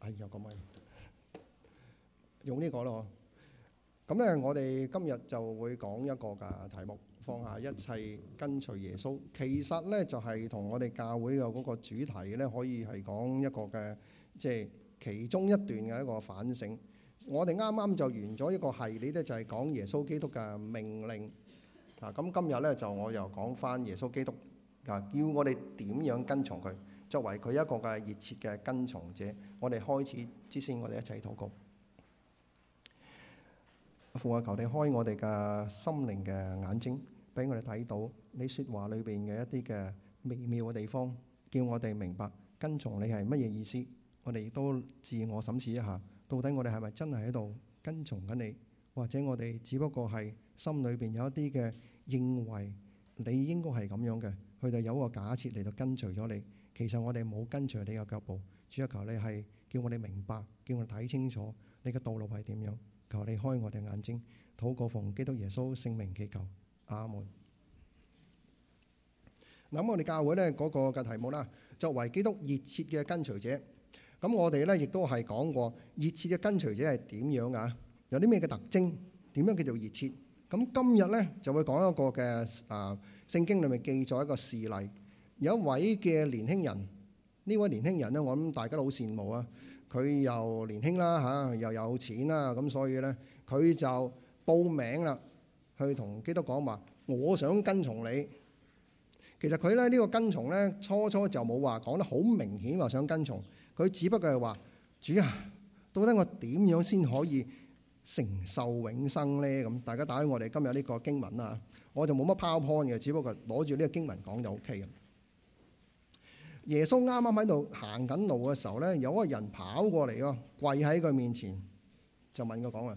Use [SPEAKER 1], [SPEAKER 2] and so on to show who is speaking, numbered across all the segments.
[SPEAKER 1] 哎呀，咁 咪用呢個咯。咁咧，我哋今日就會講一個嘅題目，放下一切，跟隨耶穌。其實咧，就係同我哋教會嘅嗰個主題咧，可以係講一個嘅，即係其中一段嘅一個反省。我哋啱啱就完咗一個系列咧，就係講耶穌基督嘅命令。嗱，咁今日咧就我又講翻耶穌基督，啊，要我哋點樣跟從佢，作為佢一個嘅熱切嘅跟從者，我哋開始之前我，我哋一齊禱告。父啊，求你開我哋嘅心靈嘅眼睛，俾我哋睇到你説話裏邊嘅一啲嘅微妙嘅地方，叫我哋明白跟從你係乜嘢意思。我哋亦都自我審視一下，到底我哋係咪真係喺度跟從緊你，或者我哋只不過係心裏邊有一啲嘅認為，你應該係咁樣嘅，佢就有一個假設嚟到跟隨咗你。其實我哋冇跟隨你嘅腳步，主要求你係叫我哋明白，叫我哋睇清楚你嘅道路係點樣。求你開我哋眼睛，禱告奉基督耶穌聖名祈求，阿門。嗱，我哋教會咧嗰個嘅題目啦，作為基督熱切嘅跟隨者，咁我哋咧亦都係講過熱切嘅跟隨者係點樣啊？有啲咩嘅特徵？點樣叫做熱切？咁今日咧就會講一個嘅誒，聖經裏面記載一個事例。有一位嘅年輕人，呢位年輕人咧，我諗大家都好羨慕啊！佢又年輕啦，嚇又有錢啦，咁所以咧，佢就報名啦，去同基督講話，我想跟從你。其實佢咧呢個跟從咧，初初就冇話講得好明顯，話想跟從佢，只不過係話主啊，到底我點樣先可以承受永生咧？咁大家打開我哋今日呢個經文啦，我就冇乜 powerpoint 嘅，只不過攞住呢個經文講就 OK 嘅。耶穌啱啱喺度行緊路嘅時候咧，有個人跑過嚟咯，跪喺佢面前，就問佢講話：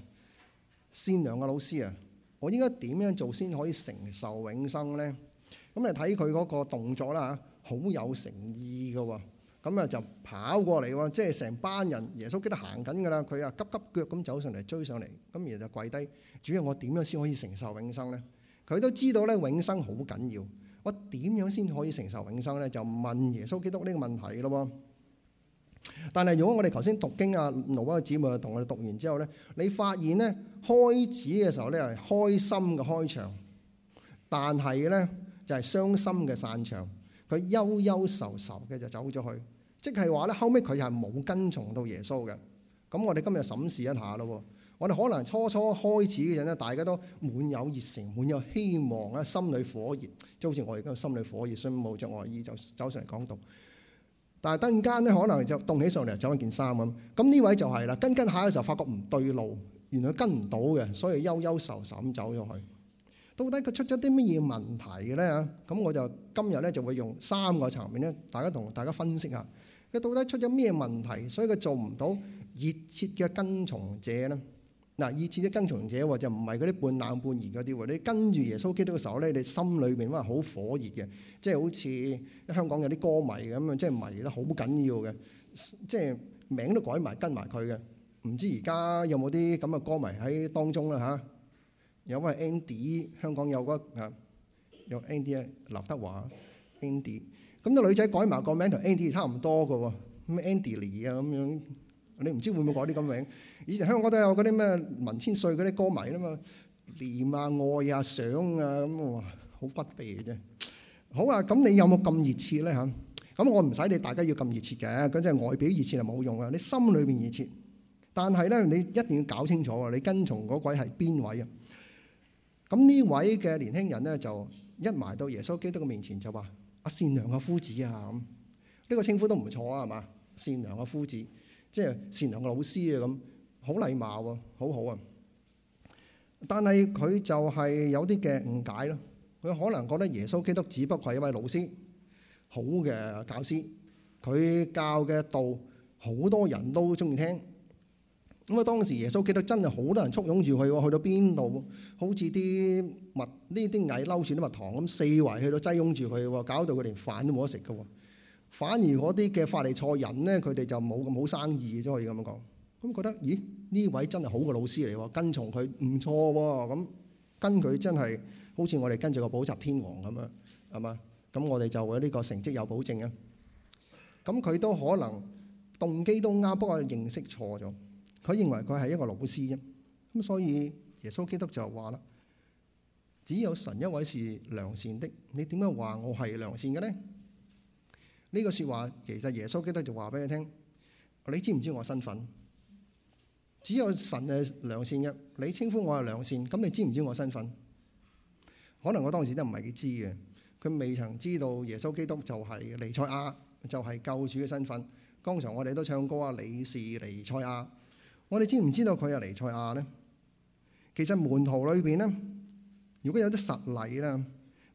[SPEAKER 1] 善良嘅老師啊，我應該點樣做先可以承受永生咧？咁你睇佢嗰個動作啦嚇，好有誠意嘅喎。咁啊就跑過嚟喎，即係成班人。耶穌記得行緊嘅啦，佢啊急急腳咁走上嚟追上嚟，咁然後就跪低。主要我點樣先可以承受永生咧？佢都知道咧，永生好緊要。我點樣先可以承受永生咧？就問耶穌基督呢個問題嘅咯。但係如果我哋頭先讀經啊，挪嘅姊妹同我哋讀完之後咧，你發現咧，開始嘅時候咧，係開心嘅開場，但係咧就係、是、傷心嘅散場。佢憂憂愁愁嘅就走咗去，即係話咧後尾佢係冇跟從到耶穌嘅。咁我哋今日審視一下咯。我哋可能初初開始嘅人咧，大家都滿有熱情，滿有希望啊，心裏火熱，即係好似我而家心裏火熱，所以冇著外衣就走上嚟講道。但係突然間咧，可能就凍起上嚟，就著緊件衫咁。咁呢位就係啦，跟跟下嘅時候發覺唔對路，原來跟唔到嘅，所以憂憂愁愁咁走咗去。到底佢出咗啲乜嘢問題嘅咧？咁我就今日咧就會用三個層面咧，大家同大家分析下佢到底出咗咩問題，所以佢做唔到熱切嘅跟從者咧。嗱，以前啲跟從者就唔係嗰啲半冷半熱嗰啲喎，你跟住耶穌基督嘅時候咧，你心裏面哇好火熱嘅，即係好似香港有啲歌迷咁樣，即係迷得好緊要嘅，即係名都改埋跟埋佢嘅。唔知而家有冇啲咁嘅歌迷喺當中啦？嚇，有啊，Andy，香港有個啊，有 Andy 啊，劉德華 Andy，咁啲女仔改埋個名同 Andy 差唔多嘅喎，咩 Andy Lee 啊咁樣。你唔知會唔會改啲咁名？以前香港都有嗰啲咩文千歲嗰啲歌迷啦嘛，念啊、愛啊、想啊咁，哇，好骨痹嘅啫。好啊，咁你有冇咁熱切咧？嚇，咁我唔使你大家要咁熱切嘅，嗰啲係外表熱切係冇用嘅，你心裏邊熱切。但係咧，你一定要搞清楚啊！你跟從嗰鬼係邊位啊？咁呢位嘅年輕人咧，就一埋到耶穌基督嘅面前就話：阿善良嘅夫子啊！咁呢個稱呼都唔錯啊，係嘛？善良嘅夫子。即係善良嘅老師啊，咁，好禮貌喎，好好啊。但係佢就係有啲嘅誤解咯。佢可能覺得耶穌基督只不過係一位老師，好嘅教師。佢教嘅道好多人都中意聽。咁啊，當時耶穌基督真係好多人簇擁住佢喎，去到邊度好似啲蜜呢啲蟻溜住啲蜜糖咁，四圍去到擠擁住佢喎，搞到佢連飯都冇得食㗎喎。反而嗰啲嘅法利賽人咧，佢哋就冇咁好生意嘅啫。可以咁樣講，咁覺得咦呢位真係好嘅老師嚟喎，跟從佢唔錯喎。咁跟佢真係好似我哋跟住個補習天王咁樣係嘛？咁我哋就會呢個成績有保證嘅。咁佢都可能動機都啱，不過認識錯咗。佢認為佢係一個老師啫。咁所以耶穌基督就話啦：只有神一位是良善的。你點解話我係良善嘅咧？呢、這個說話，其實耶穌基督就話俾你聽：你知唔知道我身份？只有神係良善嘅，你稱呼我係良善，咁你知唔知道我身份？可能我當時都唔係幾知嘅，佢未曾知道耶穌基督就係彌賽亞，就係、是、救主嘅身份。剛才我哋都唱歌啊，你是彌賽亞，我哋知唔知道佢係彌賽亞咧？其實門徒裏邊咧，如果有啲實例咧，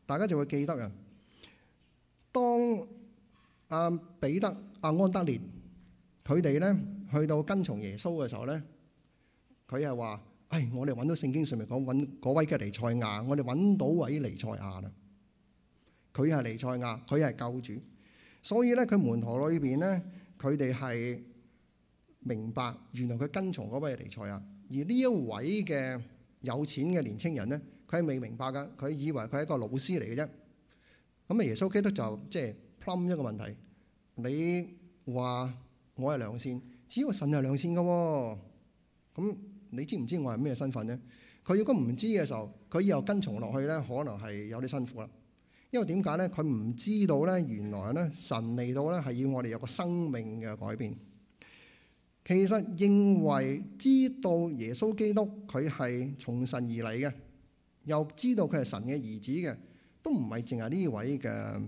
[SPEAKER 1] 大家就會記得呀。當阿彼得、阿、啊、安德烈，佢哋咧去到跟從耶穌嘅時候咧，佢係話：唉、哎，我哋揾到聖經上面講揾嗰位彌賽亞，我哋揾到位彌賽亞啦。佢係彌賽亞，佢係救主。所以咧，佢門徒裏邊咧，佢哋係明白，原來佢跟從嗰位彌賽亞。而呢一位嘅有錢嘅年青人咧，佢係未明白噶，佢以為佢係一個老師嚟嘅啫。咁啊，耶穌基督就即係。就是噉，一個問題，你話我係良善，只要神係良善嘅，咁你知唔知我係咩身份呢？佢如果唔知嘅時候，佢以後跟從落去咧，可能係有啲辛苦啦。因為點解咧？佢唔知道咧，原來咧，神嚟到咧，係要我哋有個生命嘅改變。其實認為知道耶穌基督佢係從神而嚟嘅，又知道佢係神嘅兒子嘅，都唔係淨係呢位嘅。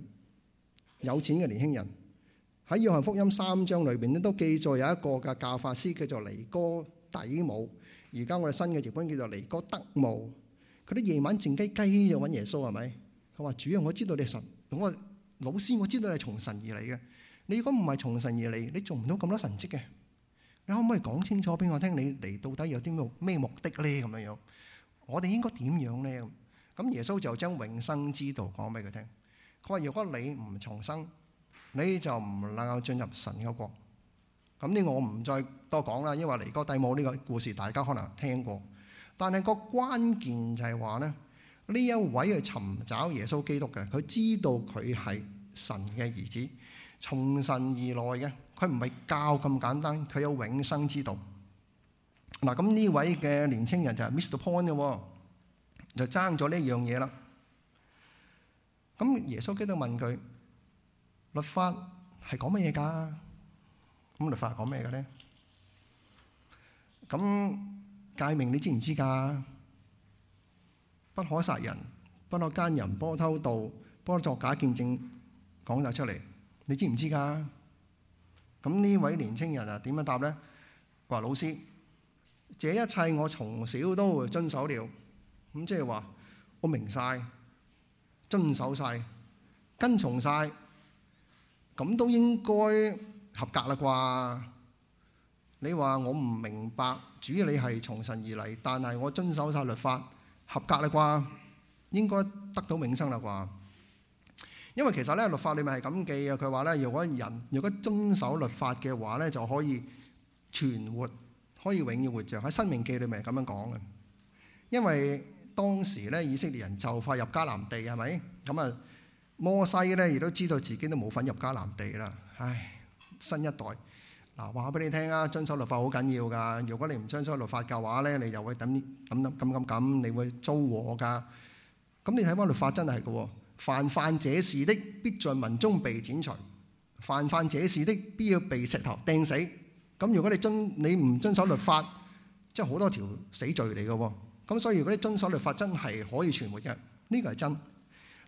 [SPEAKER 1] 有錢嘅年輕人喺約翰福音三章裏邊咧，都記載有一個嘅教法師叫做尼哥底母，而家我哋新嘅譯本叫做尼哥德慕。佢啲夜晚靜雞雞就揾耶穌係咪？佢話主啊，我知道你係神，我老師我知道你係從神而嚟嘅。你如果唔係從神而嚟，你做唔到咁多神蹟嘅。你可唔可以講清楚俾我聽，你嚟到底有啲咩目的咧？咁樣樣，我哋應該點樣咧？咁耶穌就將永生之道講俾佢聽。佢話：如果你唔重生，你就唔能夠進入神嘅國。咁呢個我唔再多講啦，因為尼哥底母呢個故事大家可能聽過。但係個關鍵就係話咧，呢一位去尋找耶穌基督嘅，佢知道佢係神嘅兒子，從神而來嘅。佢唔係教咁簡單，佢有永生之道。嗱，咁呢位嘅年青人就係 Mr. Pond 嘅，就爭咗呢一樣嘢啦。咁耶穌基督問佢，律法係講乜嘢㗎？咁律法係講咩嘅咧？咁誡命你知唔知㗎？不可殺人，不可奸淫，不可偷盜，不可作假見證，講曬出嚟，你知唔知㗎？咁呢位年青人啊，點樣答咧？話，老師，這一切我從小都會遵守了，咁即係話我明曬。遵守曬，跟從曬，咁都應該合格啦啩？你話我唔明白，主要你係從神而嚟，但係我遵守曬律法，合格啦啩？應該得到永生啦啩？因為其實咧，律法裏面係咁記嘅，佢話咧，如果人如果遵守律法嘅話咧，就可以存活，可以永遠活著。喺申命記裏面係咁樣講嘅，因為。當時咧，以色列人就快入迦南地，係咪？咁啊，摩西咧，亦都知道自己都冇份入迦南地啦。唉，新一代，嗱，話俾你聽啊，遵守律法好緊要㗎。如果你唔遵守律法嘅話咧，你又會等等等咁咁咁，你會遭禍㗎。咁你睇翻律法真係㗎喎，犯犯這事的，必在民中被剪除；犯犯這事的，必要被石頭掟死。咁如果你遵你唔遵守律法，即係好多條死罪嚟嘅喎。咁所以如果啲遵守律法真係可以存活嘅，呢個係真的。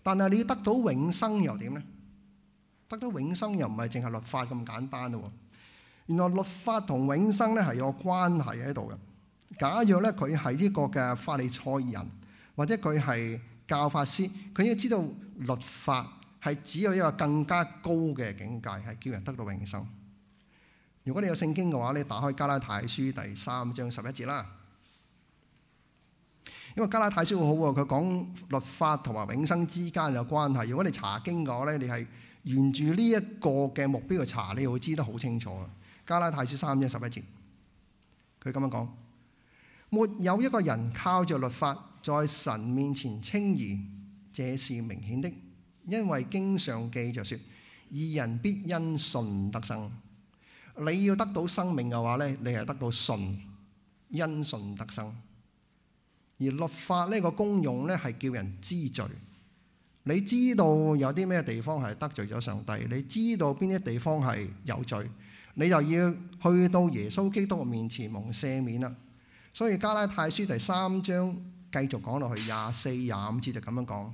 [SPEAKER 1] 但係你要得到永生又點呢？得到永生又唔係淨係律法咁簡單咯。原來律法同永生咧係有關係喺度嘅。假若咧佢係呢個嘅法利賽人，或者佢係教法師，佢應該知道律法係只有一個更加高嘅境界，係叫人得到永生。如果你有聖經嘅話，你打開加拉太書第三章十一節啦。因為加拉太書好喎，佢講律法同埋永生之間有關係。如果你查經過咧，你係沿住呢一個嘅目標去查，你會知得好清楚。加拉太書三章十一節，佢咁樣講：沒有一個人靠著律法在神面前稱義，這是明顯的，因為經上記着說：義人必因信得生。你要得到生命嘅話咧，你係得到信，因信得生。而律法呢個功用呢，係叫人知罪，你知道有啲咩地方係得罪咗上帝，你知道邊啲地方係有罪，你就要去到耶穌基督面前蒙赦免啦。所以加拉太書第三章繼續講落去廿四廿五節就咁樣講，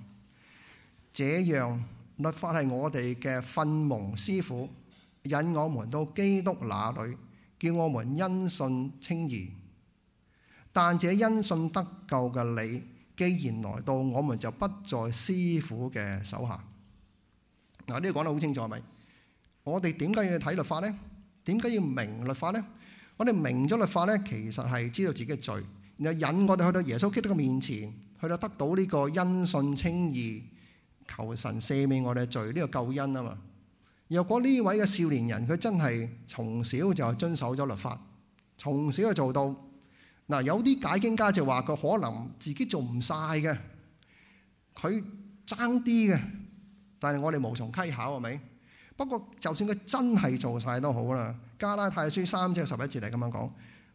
[SPEAKER 1] 這樣律法係我哋嘅訓蒙師傅，引我們到基督那裡，叫我們因信稱義。但這因信得救嘅你，既然來到，我們就不在師傅嘅手下。嗱，呢個講得好清楚，係咪？我哋點解要睇律法咧？點解要明律法咧？我哋明咗律法咧，其實係知道自己嘅罪，然後引我哋去到耶穌基督嘅面前，去到得到呢個因信稱義，求神赦免我哋嘅罪，呢個救恩啊嘛。若果呢位嘅少年人，佢真係從小就遵守咗律法，從小就做到。嗱，有啲解經家就話佢可能自己做唔晒嘅，佢爭啲嘅，但係我哋無從稽考係咪？不過就算佢真係做晒都好啦，《加拉太書三章十一節》嚟咁樣講，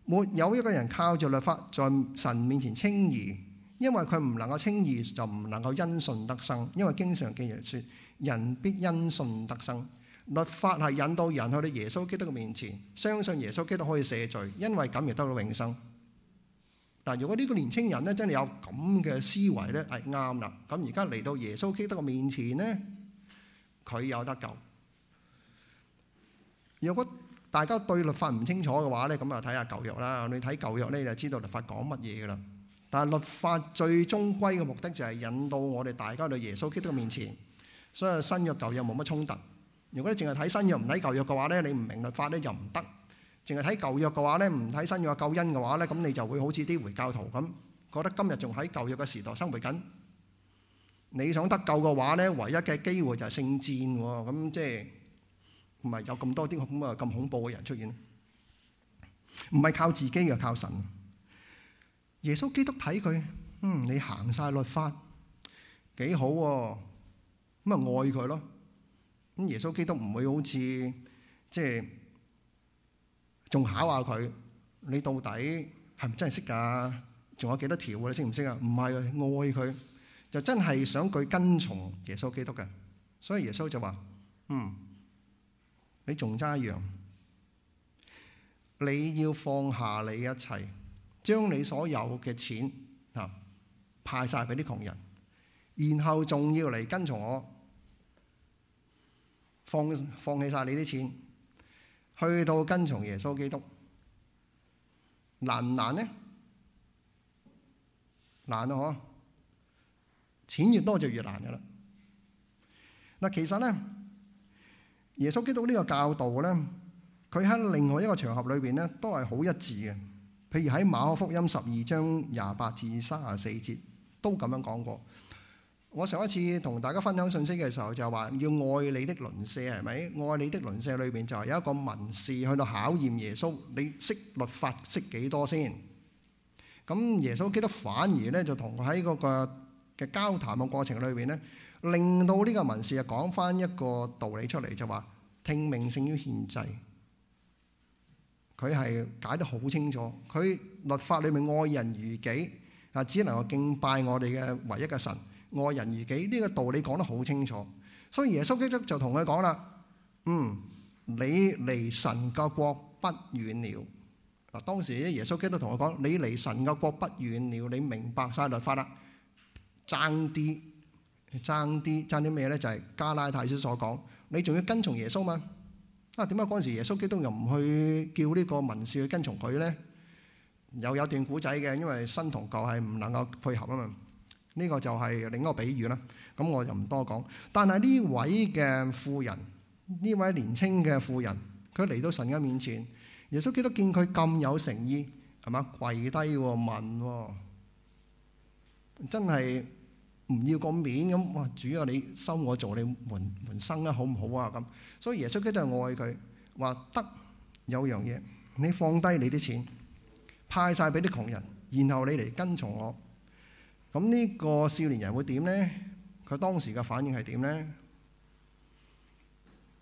[SPEAKER 1] 沒有一個人靠住律法在神面前稱義，因為佢唔能夠稱義就唔能夠因信得生，因為經常經上説：人必因信得生。律法係引導人去到耶穌基督嘅面前，相信耶穌基督可以赦罪，因為咁而得到永生。嗱，如果呢個年青人咧真係有咁嘅思維咧，係啱啦。咁而家嚟到耶穌基督嘅面前咧，佢有得救。如果大家對律法唔清楚嘅話咧，咁啊，睇下舊約啦。你睇舊約咧就知道律法講乜嘢噶啦。但係律法最終歸嘅目的就係引導我哋大家到耶穌基督嘅面前，所以新約舊約冇乜衝突。如果你淨係睇新約唔睇舊約嘅話咧，你唔明律法咧又唔得。淨係睇舊約嘅話咧，唔睇新約救恩嘅話咧，咁你就會好似啲回教徒咁，覺得今日仲喺舊約嘅時代生活緊。你想得救嘅話咧，唯一嘅機會就係聖戰喎。咁即係唔係有咁多啲咁啊咁恐怖嘅人出現，唔係靠自己啊，靠神。耶穌基督睇佢，嗯，你行曬律法，幾好咁啊，愛佢咯。咁耶穌基督唔會好似即係。仲考下佢，你到底係咪真係識噶？仲有幾多條你識唔識啊？唔係愛佢，就真係想佢跟從耶穌基督嘅。所以耶穌就話：嗯，你仲差一樣，你要放下你一切，將你所有嘅錢啊派晒俾啲窮人，然後仲要嚟跟從我，放放棄晒你啲錢。去到跟從耶穌基督難唔難呢？難啊，嗬！錢越多就越難噶啦。嗱，其實呢，耶穌基督呢個教導咧，佢喺另外一個場合裏邊咧，都係好一致嘅。譬如喺馬可福音十二章廿八至三十四節都咁樣講過。我上一次同大家分享信息嘅時候，就係話要愛你的鄰舍，係咪？愛你的鄰舍裏邊就係有一個文士去到考驗耶穌，你識律法識幾多先？咁耶穌基督反而咧就同佢喺嗰個嘅交談嘅過程裏邊咧，令到呢個文士又講翻一個道理出嚟，就話聽命勝於獻祭。佢係解得好清楚，佢律法裏面愛人如己啊，只能夠敬拜我哋嘅唯一嘅神。愛人如己呢個道理講得好清楚，所以耶穌基督就同佢講啦：嗯，你離神嘅國不遠了。嗱，當時啲耶穌基督同佢講：你離神嘅國不遠了，你明白曬律法啦，爭啲爭啲爭啲咩咧？就係加拉太書所講，你仲要跟從耶穌嘛？啊，點解嗰陣時耶穌基督又唔去叫呢個文士去跟從佢咧？又有段古仔嘅，因為新同舊係唔能夠配合啊嘛。呢、這個就係另一個比喻啦，咁我就唔多講。但係呢位嘅富人，呢位年輕嘅富人，佢嚟到神嘅面前，耶穌基督見佢咁有誠意，係嘛，跪低、哦、問、哦，真係唔要個面咁，哇！主要你收我做你門門生啦、啊，好唔好啊？咁所以耶穌基督愛佢，話得有樣嘢，你放低你啲錢，派晒俾啲窮人，然後你嚟跟從我。咁呢個少年人會點呢？佢當時嘅反應係點呢？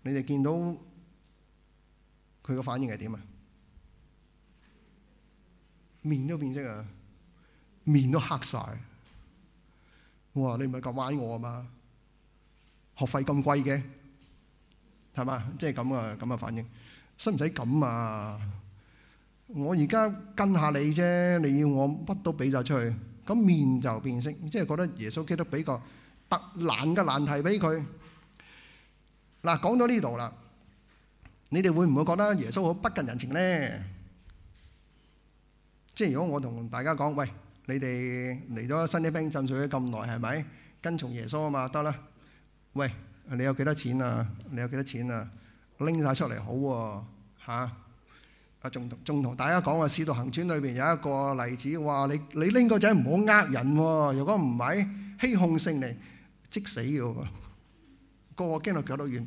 [SPEAKER 1] 你哋見到佢嘅反應係點啊？面都變色啊！面都黑晒！我話你唔係咁玩我啊嘛！學費咁貴嘅，係嘛？即係咁啊，咁啊反應，使唔使咁啊？我而家跟下你啫，你要我乜都畀晒出去？咁面就變色，即係覺得耶穌基督比較特難嘅難題俾佢。嗱，講到呢度啦，你哋會唔會覺得耶穌好不近人情咧？即係如果我同大家講，喂，你哋嚟咗新約兵浸水咗咁耐，係咪跟從耶穌啊嘛？得啦，喂，你有幾多錢啊？你有幾多錢啊？拎晒出嚟好喎，嚇！啊，仲仲同大家講啊，使徒行傳裏邊有一個例子，哇！你你拎個仔唔好呃人喎，如果唔係欺哄聖靈，即死㗎喎，個個驚到腳都軟。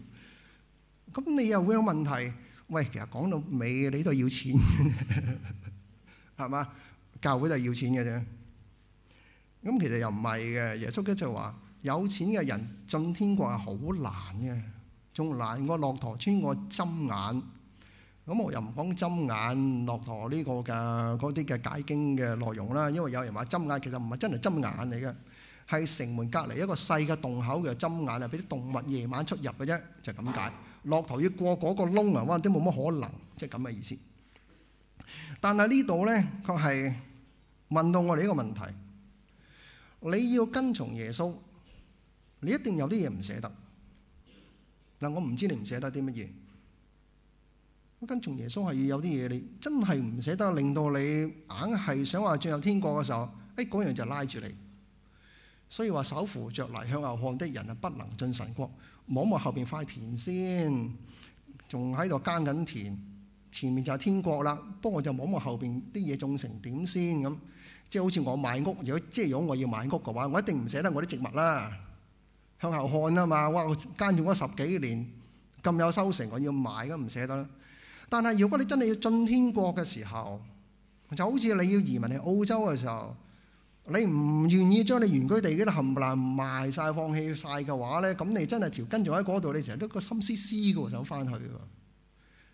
[SPEAKER 1] 咁你又會有問題。喂，其實講到尾，你都係要錢，係嘛？教會就要錢嘅啫。咁其實又唔係嘅。耶穌基督就話，有錢嘅人進天國係好難嘅，仲難過駱駝穿過針眼。咁我又唔講針眼駱駝呢個嘅嗰啲嘅解經嘅內容啦，因為有人話針眼其實唔係真係針眼嚟嘅，係城門隔籬一個細嘅洞口嘅針眼啊，俾啲動物夜晚出入嘅啫，就咁解。駱駝要過嗰個窿啊，哇！都冇乜可能，即係咁嘅意思。但係呢度咧，確係問到我哋一個問題：你要跟從耶穌，你一定有啲嘢唔捨得。嗱，我唔知你唔捨得啲乜嘢。跟從耶穌係要有啲嘢，你真係唔捨得，令到你硬係想話進入天國嘅時候，誒嗰樣就拉住你。所以話，手扶着嚟向後看的人啊，不能進神國。望望後邊塊田先，仲喺度耕緊田，前面就係天國啦。不過我就望望後邊啲嘢種成點先咁，即係好似我買屋，如果即係如果我要買屋嘅話，我一定唔捨得我啲植物啦。向後看啊嘛，哇！我耕種咗十幾年咁有收成，我要賣，咁唔捨得。但係如果你真係要進天國嘅時候，就好似你要移民去澳洲嘅時候，你唔願意將你原居地嗰啲冚唪唥賣晒放棄晒嘅話咧，咁你真係條根仲喺嗰度，你成日都個心思思嘅走翻去嘅。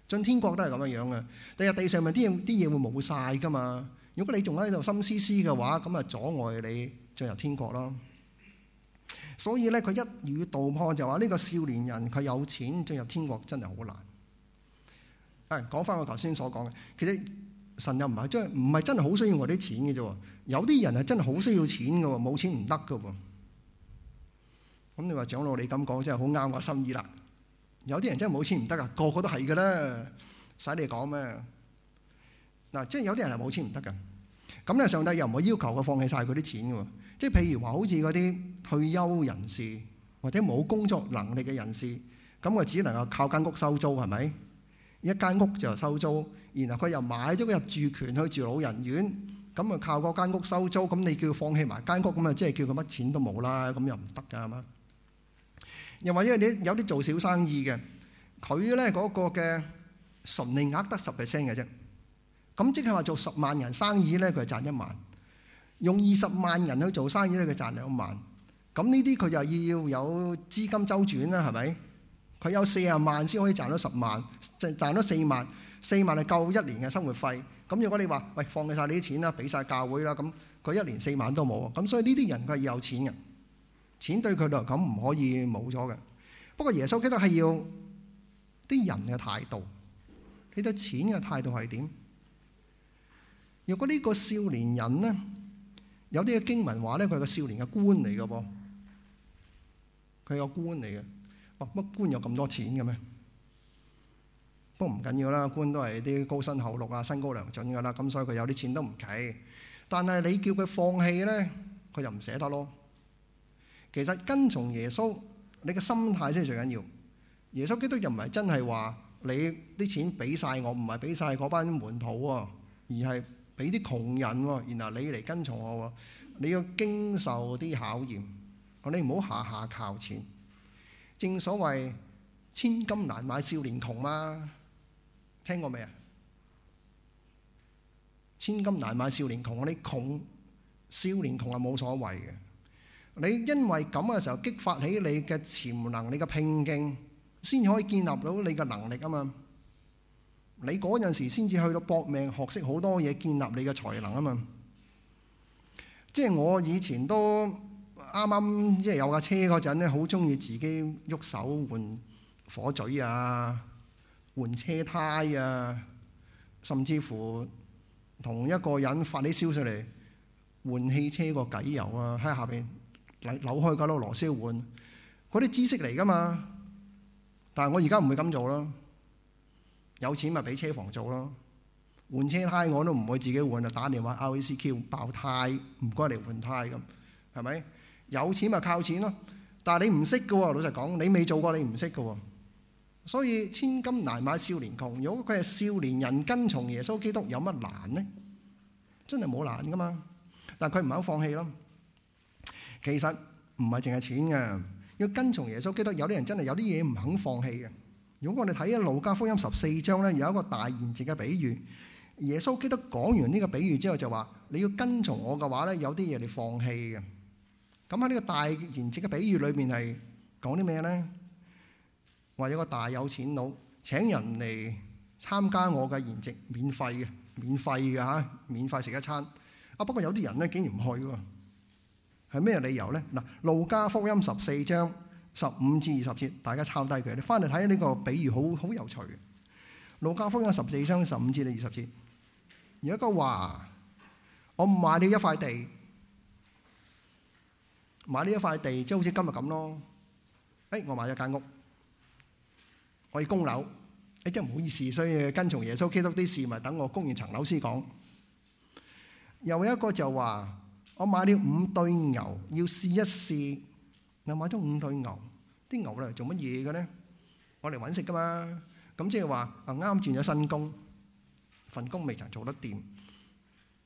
[SPEAKER 1] 進天國都係咁樣樣嘅，第日地上面啲嘢啲嘢會冇晒噶嘛。如果你仲喺度心思思嘅話，咁啊阻礙你進入天國咯。所以咧，佢一語道破就話呢個少年人佢有錢進入天國真係好難。誒講翻我頭先所講嘅，其實神又唔係真，唔係真係好需要我啲錢嘅啫。有啲人係真係好需要錢嘅，冇錢唔得嘅。咁你話長老這說，你咁講真係好啱我心意啦。有啲人真係冇錢唔得噶，個個都係嘅啦，使你講咩？嗱，即係有啲人係冇錢唔得嘅。咁咧，上帝又唔會要求佢放棄晒佢啲錢嘅。即係譬如話，好似嗰啲退休人士或者冇工作能力嘅人士，咁我只能夠靠間屋收租，係咪？一間屋就收租，然後佢又買咗個入住權去住老人院，咁咪靠嗰間屋收租。咁你叫佢放棄埋間屋，咁咪即係叫佢乜錢都冇啦。咁又唔得㗎，係嘛？又或者你有啲做小生意嘅，佢咧嗰個嘅純利額得十 percent 嘅啫。咁即係話做十萬人生意咧，佢就賺一萬；用二十萬人去做生意咧，佢賺兩萬。咁呢啲佢就要有資金周轉啦，係咪？佢有四啊萬先可以賺到十萬，賺賺到四萬，四萬係夠一年嘅生活費。咁如果你話喂，放棄晒你啲錢啦，俾晒教會啦，咁佢一年四萬都冇啊。咁所以呢啲人佢係有錢嘅，錢對佢嚟講唔可以冇咗嘅。不過耶穌基督係要啲人嘅態度，你對錢嘅態度係點？如果呢個少年人呢，有啲嘅經文話咧，佢係個少年嘅官嚟嘅噃，佢係個官嚟嘅。乜官有咁多錢嘅咩？不過唔緊要啦，官都係啲高薪厚祿啊，身高糧準噶啦，咁所以佢有啲錢都唔計。但係你叫佢放棄咧，佢就唔捨得咯。其實跟從耶穌，你嘅心態先係最緊要。耶穌基督又唔係真係話你啲錢俾曬我，唔係俾晒嗰班門徒喎，而係俾啲窮人喎，然後你嚟跟從我喎，你要經受啲考驗，你唔好下下靠錢。正所謂千金難買少年窮嘛，聽過未啊？千金難買少年窮，嗰啲窮少年窮係冇所謂嘅。你因為咁嘅時候激發起你嘅潛能，你嘅拼勁，先可以建立到你嘅能力啊嘛。你嗰陣時先至去到搏命學識好多嘢，建立你嘅才能啊嘛。即係我以前都。啱啱即係有架車嗰陣咧，好中意自己喐手換火嘴啊，換車胎啊，甚至乎同一個人發啲消息嚟換汽車個偈油啊，喺下邊扭開架碌螺絲換，嗰啲知識嚟噶嘛。但係我而家唔會咁做咯，有錢咪俾車房做咯。換車胎我都唔會自己換，呀，打電話 RACQ 爆胎，唔該嚟換胎咁，係咪？有錢咪靠錢咯，但係你唔識噶喎。老實講，你未做過，你唔識噶喎。所以千金難買少年窮。如果佢係少年人跟從耶穌基督，有乜難呢？真係冇難噶嘛。但係佢唔肯放棄咯。其實唔係淨係錢嘅，要跟從耶穌基督。有啲人真係有啲嘢唔肯放棄嘅。如果我哋睇《路加福音》十四章咧，有一個大筵席嘅比喻。耶穌基督講完呢個比喻之後，就話你要跟從我嘅話咧，有啲嘢你放棄嘅。咁喺呢個大筵席嘅比喻裏面係講啲咩咧？話有個大有錢佬請人嚟參加我嘅筵席，免費嘅，免費嘅嚇，免費食一餐。啊，不過有啲人咧竟然唔去喎。係咩理由咧？嗱，《路加福音》十四章十五至二十節，大家抄低佢。你翻嚟睇呢個比喻，好好有趣嘅。《路加福音》十四章十五至到二十節有一句話：我賣你一塊地。買呢一塊地，即係好似今日咁咯。哎，我買咗間屋，我要供樓。哎，真係唔好意思，所以跟從耶穌基督啲事咪等我供完層樓先講。又有一個就話，我買了五對牛，要試一試。又，買咗五對牛，啲牛嚟做乜嘢嘅咧？我嚟搵食噶嘛。咁即係話，啊啱轉咗新工，份工未曾做得掂。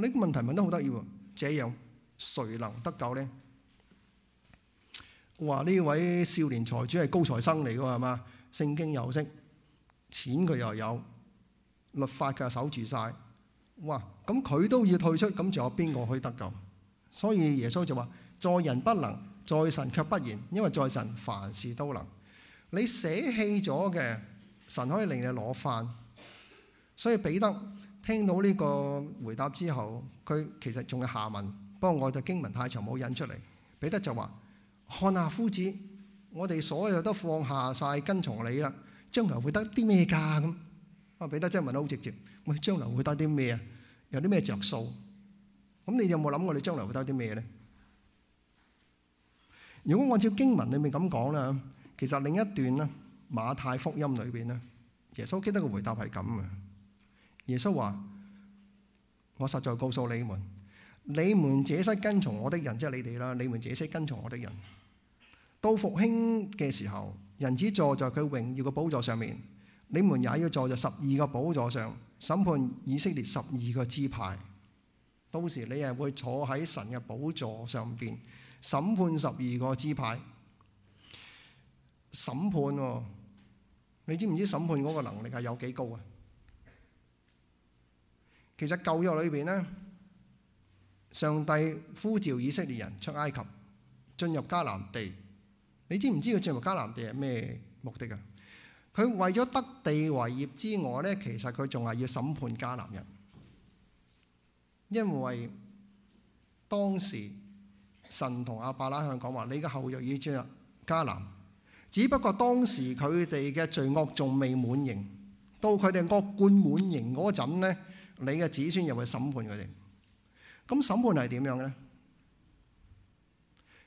[SPEAKER 1] 呢個問題問得好得意喎，這樣誰能得救呢？話呢位少年財主係高材生嚟㗎嘛，聖經有識，錢佢又有，律法佢又守住晒。哇！咁佢都要退出，咁仲有邊個可以得救？所以耶穌就話：在人不能，在神卻不然，因為在神凡事都能。你捨棄咗嘅，神可以令你攞翻，所以彼得。聽到呢個回答之後，佢其實仲有下文，不過我就經文太長冇引出嚟。彼得就話：看啊，夫子，我哋所有都放下曬跟從你啦，將來會得啲咩㗎？咁啊，彼得真係問得好直接。喂，將來會得啲咩啊？有啲咩著數？咁你有冇諗過你將來會得啲咩咧？如果按照經文裏面咁講啦，其實另一段咧，馬太福音裏邊咧，耶穌基督嘅回答係咁嘅。.耶穌話：我實在告訴你們，你們這些跟從我的人，即係你哋啦。你們這些跟從我的人，到復興嘅時候，人子坐在佢榮耀嘅寶座上面，你們也要坐在十二個寶座上，審判以色列十二個支派。到時你係會坐喺神嘅寶座上邊審判十二個支派。審判、哦，你知唔知審判嗰個能力係有幾高啊？其實舊約裏邊呢，上帝呼召以色列人出埃及，進入迦南地。你知唔知佢進入迦南地係咩目的啊？佢為咗得地為業之外咧，其實佢仲係要審判迦南人，因為當時神同亞伯拉罕講話：你嘅後裔已進入迦南，只不過當時佢哋嘅罪惡仲未滿盈，到佢哋惡貫滿盈嗰陣咧。你嘅子孫又會審判佢哋。咁審判係點樣咧？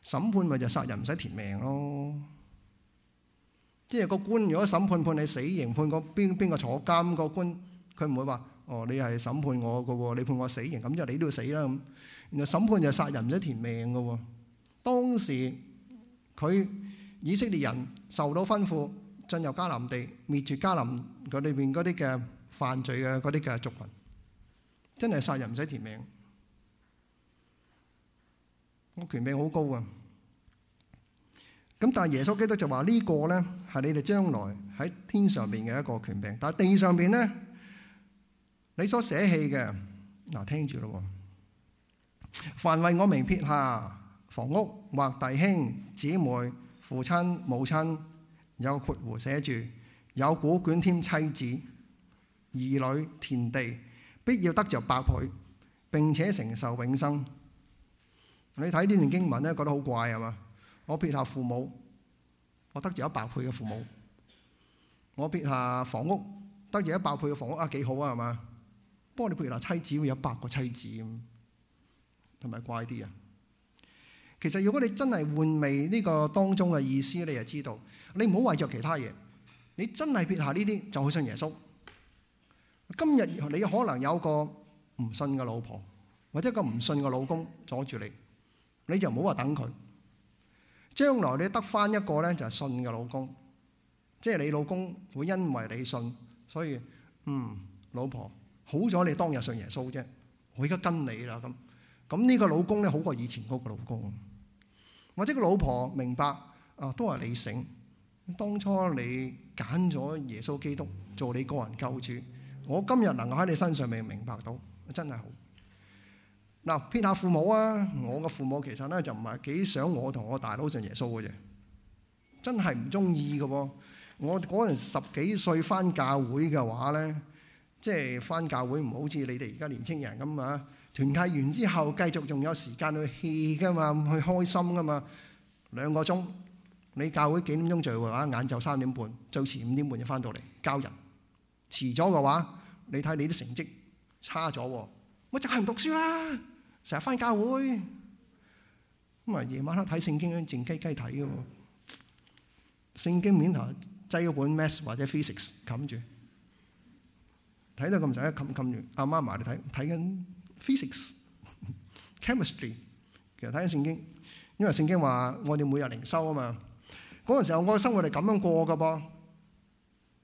[SPEAKER 1] 審判咪就殺人唔使填命咯，即係個官如果審判判你死刑，判個邊邊個坐監，個官佢唔會話哦，你係審判我㗎喎，你判我死刑，咁就你都要死啦。咁然後審判就殺人唔使填命㗎喎。當時佢以色列人受到吩咐進入迦南地滅絕迦南，佢裏邊嗰啲嘅犯罪嘅嗰啲嘅族羣。真係殺人唔使填命，我權柄好高啊！咁但係耶穌基督就話呢個咧，係你哋將來喺天上邊嘅一個權柄，但係地上邊咧你所捨棄嘅嗱，聽住咯，凡為我名撇下房屋或弟兄姊妹、父親母親，有個括弧寫住有古卷添妻子、兒女、田地。必要得着百倍，並且承受永生。你睇呢段經文咧，覺得好怪係嘛？我撇下父母，我得著一百倍嘅父母；我撇下房屋，得著一百倍嘅房屋啊，幾好啊係嘛？不過你撇下妻子會有百個妻子，同埋乖啲啊。其實如果你真係換味呢個當中嘅意思，你就知道，你唔好為着其他嘢，你真係撇下呢啲就去信耶穌。今日你可能有個唔信嘅老婆，或者一個唔信嘅老公阻住你，你就唔好話等佢。將來你得翻一個咧，就係信嘅老公，即係你老公會因為你信，所以嗯，老婆好咗你當日信耶穌啫。我而家跟你啦，咁咁呢個老公咧好過以前嗰個老公，或者個老婆明白啊，都係你醒，當初你揀咗耶穌基督做你個人救主。我今日能夠喺你身上咪明白到，真係好嗱。撇下父母啊，我嘅父母其實咧就唔係幾想我同我大佬信耶穌嘅啫，真係唔中意嘅喎。我嗰陣十幾歲翻教會嘅話咧，即係翻教會唔好似你哋而家年青人咁啊，團契完之後繼續仲有時間去 hea 噶嘛，去開心噶嘛。兩個鐘，你教會幾點鐘聚會啊？晏晝三點半，最遲五點半就翻到嚟交人。遲咗嘅話，你睇，你啲成績差咗，我就係唔讀書啦，成日返教會，咁啊夜晚黑睇聖經，喺靜雞雞睇嘅，聖經面頭擠一本 math 或者 physics 冚住，睇得咁就一冚冚住。阿媽埋嚟睇，睇緊 physics、chemistry，其實睇緊聖經，因為聖經話我哋每日靈修啊嘛，嗰陣時候我嘅生活係咁樣過噶噃，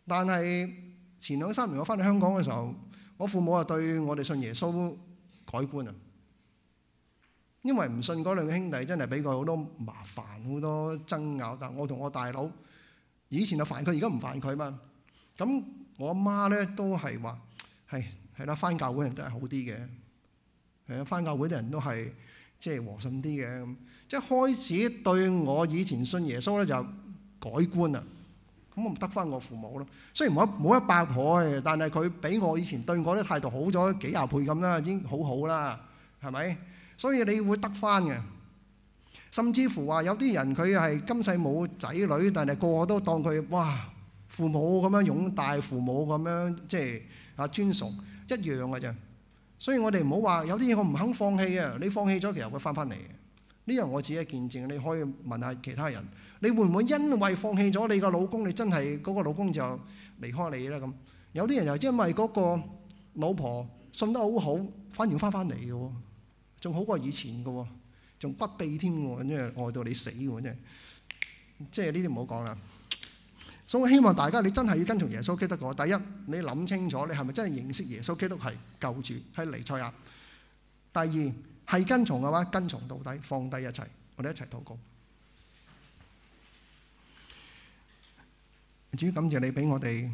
[SPEAKER 1] 但係。前兩三年我翻去香港嘅時候，我父母啊對我哋信耶穌改觀啊，因為唔信嗰兩兄弟真係俾佢好多麻煩，好多爭拗。但係我同我大佬以前就煩佢，而家唔煩佢嘛。咁我媽咧都係話係係啦，翻教會人真係好啲嘅，係啊，翻教會啲人都係即係和順啲嘅咁。即係開始對我以前信耶穌咧就改觀啦。咁得翻我父母咯，雖然冇冇一百倍，但係佢比我以前對我啲態度好咗幾廿倍咁啦，已經好好啦，係咪？所以你會得翻嘅，甚至乎話有啲人佢係今世冇仔女，但係個個都當佢哇父母咁樣擁戴，父母咁樣即係啊尊崇，一樣嘅啫。所以我哋唔好話有啲嘢我唔肯放棄啊，你放棄咗，其實會翻翻嚟嘅。呢樣我自己見證，你可以問下其他人。你會唔會因為放棄咗你個老公，你真係嗰個老公就離開你咧？咁有啲人又因為嗰個老婆信得好好，反而翻翻嚟嘅，仲好過以前嘅，仲骨痹添，真係愛到你死，真係，即係呢啲唔好講啦。所以希望大家你真係要跟從耶穌基督嘅。第一，你諗清楚你係咪真係認識耶穌基督係救主，係彌賽亞。第二，係跟從嘅話，跟從到底，放低一切。我哋一齊禱告。主，感謝你俾我哋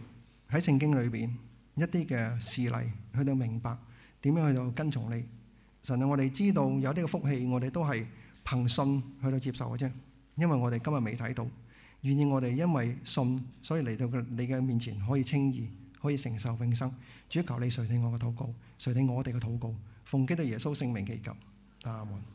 [SPEAKER 1] 喺聖經裏邊一啲嘅事例，去到明白點樣去到跟從你神啊！我哋知道有呢個福氣，我哋都係憑信去到接受嘅啫，因為我哋今日未睇到。願意我哋因為信，所以嚟到佢你嘅面前，可以輕易可以承受永生。主求你垂聽我嘅禱告，垂聽我哋嘅禱告，奉基督耶穌聖名祈求，阿門。